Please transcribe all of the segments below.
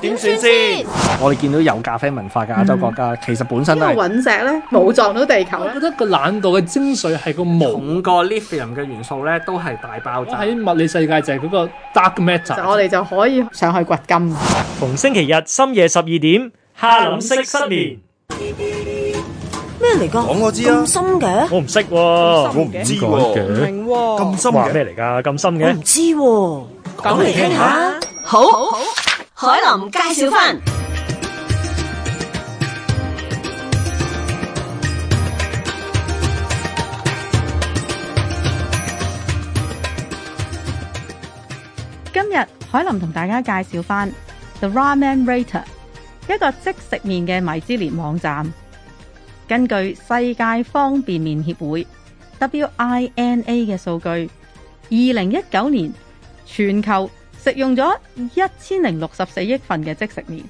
點算先？我哋見到有咖啡文化嘅亞洲國家，其實本身都係隕石咧，冇撞到地球咧。我覺得個難度嘅精髓係個五個 lithium 嘅元素咧，都係大爆炸喺物理世界就係嗰個 dark matter。我哋就可以上去掘金。逢星期日深夜十二點，哈林式失眠，咩嚟噶？講我知啊，咁深嘅？我唔識，我唔知喎，咁深嘅？話咩嚟噶？咁深嘅？我唔知，講嚟聽下，好好好。海林介紹翻，今日海林同大家介紹翻 The Ramen Rater 一個即食麵嘅米芝蓮網站。根據世界方便麵協會 （WINA） 嘅數據，二零一九年全球。食用咗一千零六十四億份嘅即食麵。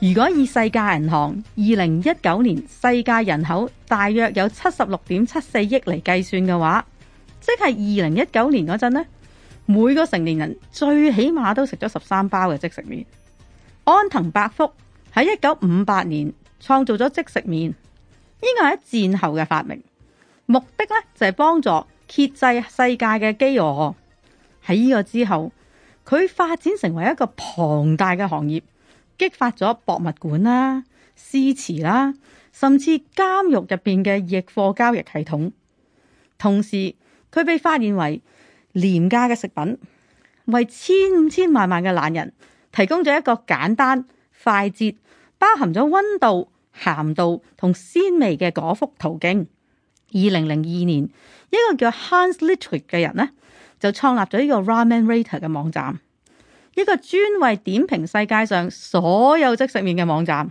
如果以世界銀行二零一九年世界人口大約有七十六點七四億嚟計算嘅話，即係二零一九年嗰陣呢，每個成年人最起碼都食咗十三包嘅即食麵。安藤百福喺一九五八年創造咗即食麵，呢個係戰後嘅發明，目的咧就係、是、幫助遏制世界嘅飢餓。喺呢個之後。佢發展成為一個龐大嘅行業，激發咗博物館啦、啊、詩詞啦，甚至監獄入邊嘅易貨交易系統。同時，佢被發現為廉價嘅食品，為千五千萬萬嘅懶人提供咗一個簡單、快捷、包含咗温度、鹹度同鮮味嘅果腹途徑。二零零二年，一個叫 Hans Lietrich 嘅人咧。就創立咗一個 Ramen Rater 嘅網站，一個專為點評世界上所有即食麵嘅網站。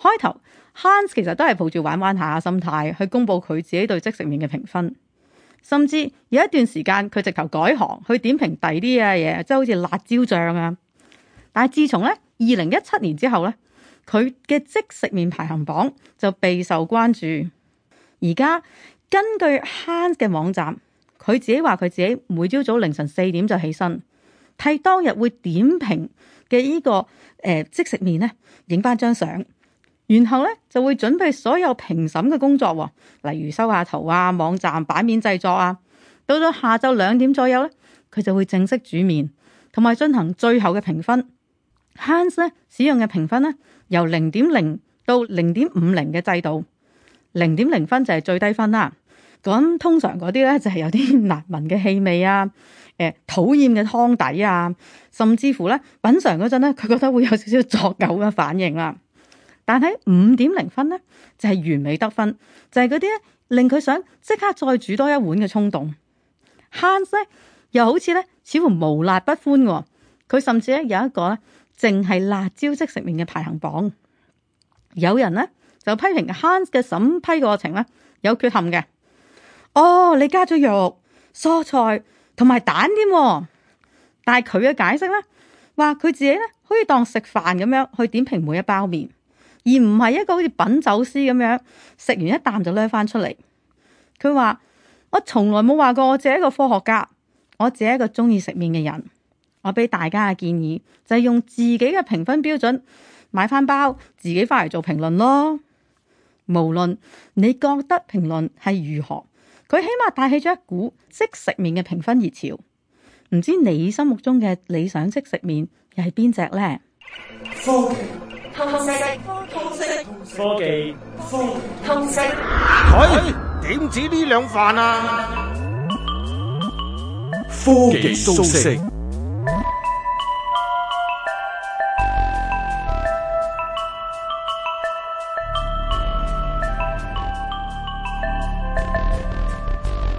開頭，Hans 其實都係抱住玩玩下嘅心態去公布佢自己對即食麵嘅評分，甚至有一段時間佢直頭改行去點評第啲嘅嘢，即係好似辣椒醬啊。但係自從咧，二零一七年之後咧，佢嘅即食麵排行榜就備受關注。而家根據 Hans 嘅網站。佢自己話：佢自己每朝早凌晨四點就起身，睇當日會點評嘅呢、這個誒、呃、即食麵咧，影翻張相，然後咧就會準備所有評審嘅工作喎、哦，例如收下圖啊、網站版面製作啊。到咗下晝兩點左右咧，佢就會正式煮麵，同埋進行最後嘅評分。Hans 咧使用嘅評分咧，由零點零到零點五零嘅制度，零點零分就係最低分啦。咁通常嗰啲咧就係有啲難聞嘅氣味啊，誒討厭嘅湯底啊，甚至乎咧品嘗嗰陣咧佢覺得會有少少作嘔嘅反應啦、啊。但喺五點零分咧就係、是、完美得分，就係嗰啲咧令佢想即刻再煮多一碗嘅衝動。Hans 咧又好似咧似乎無辣不歡嘅、啊，佢甚至咧有一個咧淨係辣椒即食麵嘅排行榜。有人咧就批評 Hans 嘅審批過程咧有缺陷嘅。哦，你加咗肉、蔬菜同埋蛋添，但係佢嘅解釋咧，話佢自己咧可以當食飯咁樣去點評每一包麵，而唔係一個好似品酒師咁樣食完一啖就咧翻出嚟。佢話我從來冇話過，我只係一個科學家，我只係一個中意食麵嘅人。我俾大家嘅建議就係、是、用自己嘅評分標準買翻包，自己翻嚟做評論咯。無論你覺得評論係如何。佢起碼帶起咗一股即食麵嘅評分熱潮，唔知你心目中嘅理想即食麵又係邊隻咧？科技通通食，食科技通食，佢點止呢兩飯啊？科技通食。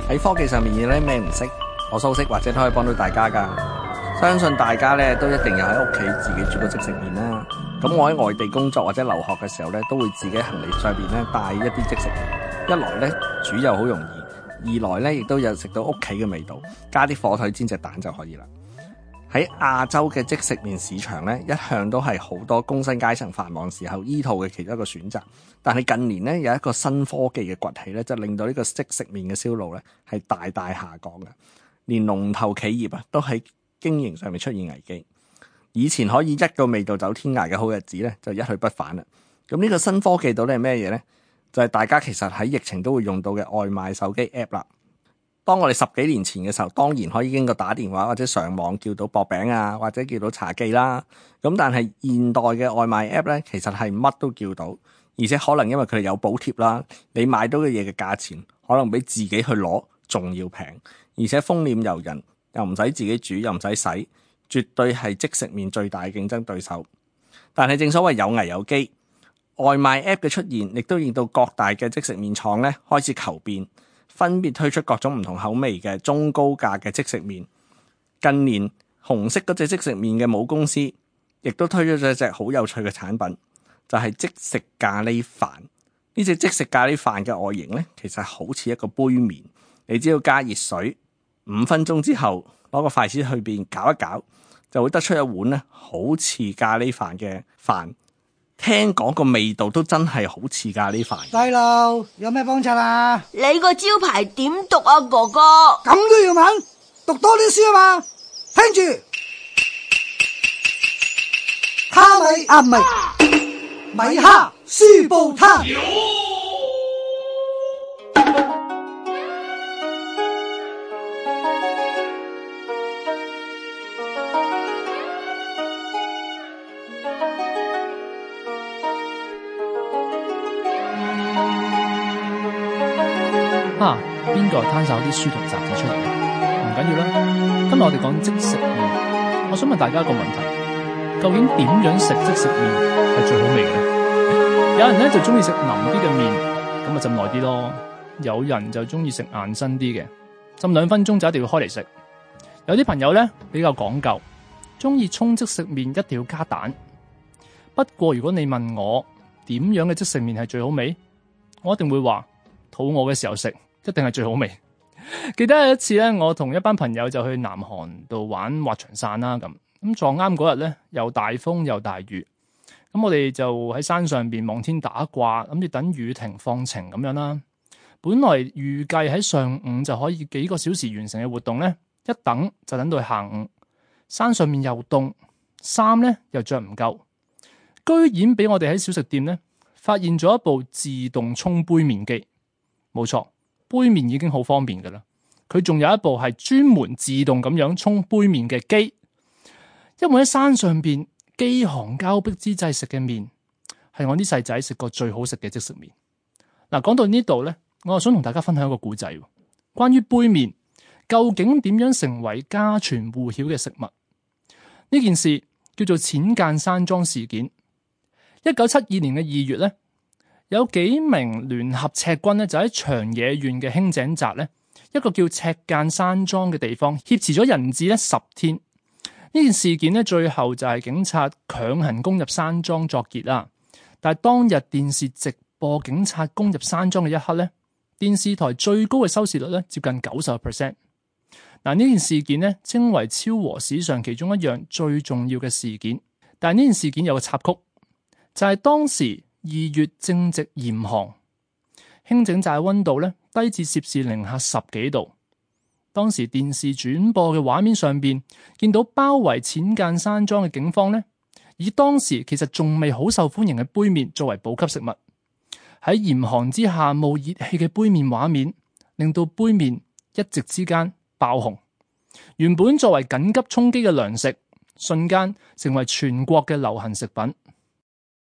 喺科技上面有啲咩唔識，我都識或者都可以幫到大家㗎。相信大家咧都一定有喺屋企自己煮到即食麵啦。咁我喺外地工作或者留學嘅時候咧，都會自己行李上邊咧帶一啲即食麵。一來咧煮又好容易，二來咧亦都有食到屋企嘅味道，加啲火腿煎隻蛋就可以啦。喺亞洲嘅即食麵市場咧，一向都係好多工薪階層繁忙時候依套嘅其中一個選擇。但係近年咧有一個新科技嘅崛起咧，就令到呢個即食麵嘅銷路咧係大大下降嘅，連龍頭企業啊都喺經營上面出現危機。以前可以一個味道走天涯嘅好日子咧就一去不返啦。咁呢個新科技到底係咩嘢咧？就係大家其實喺疫情都會用到嘅外賣手機 App 啦。當我哋十幾年前嘅時候，當然可以經過打電話或者上網叫到薄餅啊，或者叫到茶記啦。咁但係現代嘅外賣 app 咧，其實係乜都叫到，而且可能因為佢哋有補貼啦，你買到嘅嘢嘅價錢可能比自己去攞仲要平，而且豐儉由人又唔使自己煮，又唔使洗，絕對係即食麵最大嘅競爭對手。但係正所謂有危有機，外賣 app 嘅出現，亦都令到各大嘅即食麵廠咧開始求變。分別推出各種唔同口味嘅中高價嘅即食麵。近年紅色嗰隻即食麵嘅母公司，亦都推出咗隻好有趣嘅產品，就係即食咖喱飯。呢隻即食咖喱飯嘅外形咧，其實好似一個杯麵。你只要加熱水，五分鐘之後攞個筷子去邊攪一攪，就會得出一碗咧好似咖喱飯嘅飯。聽講個味道都真係好似噶，呢塊，細路，有咩幫襯啊？你個招牌點讀啊？哥哥咁都要問？讀多啲書啊嘛！聽住蝦米啊咪米蝦書布攤。邊個攤晒啲書同雜誌出嚟嘅？唔緊要啦，今日我哋講即食麵。我想問大家一個問題：究竟點樣食即食麵係最好味嘅咧？有人咧就中意食淋啲嘅麵，咁啊浸耐啲咯；有人就中意食硬身啲嘅，浸兩分鐘就一定要開嚟食。有啲朋友咧比較講究，中意沖即食麵一定要加蛋。不過如果你問我點樣嘅即食麵係最好味，我一定會話：肚餓嘅時候食。一定係最好味。記得有一次咧，我同一班朋友就去南韓度玩滑翔傘啦。咁咁撞啱嗰日咧，又大風又大雨。咁我哋就喺山上邊望天打卦，諗住等雨停放晴咁樣啦。本來預計喺上午就可以幾個小時完成嘅活動咧，一等就等到下午。山上面又凍，衫咧又着唔夠，居然俾我哋喺小食店咧發現咗一部自動沖杯麵機，冇錯。杯麵已經好方便嘅啦，佢仲有一部係專門自動咁樣沖杯麵嘅機。因為喺山上邊飢寒交迫之際食嘅麵，係我啲細仔食過最好食嘅即食麵。嗱，講到呢度咧，我又想同大家分享一個古仔，關於杯麵究竟點樣成為家傳戶曉嘅食物呢件事，叫做淺間山莊事件。一九七二年嘅二月咧，有幾名聯合赤軍咧，就喺長野縣嘅輕井澤咧，一個叫赤間山莊嘅地方挾持咗人質咧十天。呢件事件咧，最後就係警察強行攻入山莊作結啦。但係當日電視直播警察攻入山莊嘅一刻咧，電視台最高嘅收視率咧接近九十個 percent。嗱，呢件事件咧稱為昭和史上其中一樣最重要嘅事件。但係呢件事件有個插曲，就係、是、當時。二月正值嚴寒，輕井澤嘅溫度咧低至攝氏零下十幾度。當時電視轉播嘅畫面上邊見到包圍淺間山莊嘅警方咧，以當時其實仲未好受歡迎嘅杯麵作為補給食物。喺嚴寒之下冒熱氣嘅杯麵畫面，令到杯麵一夕之間爆紅。原本作為緊急充飢嘅糧食，瞬間成為全國嘅流行食品。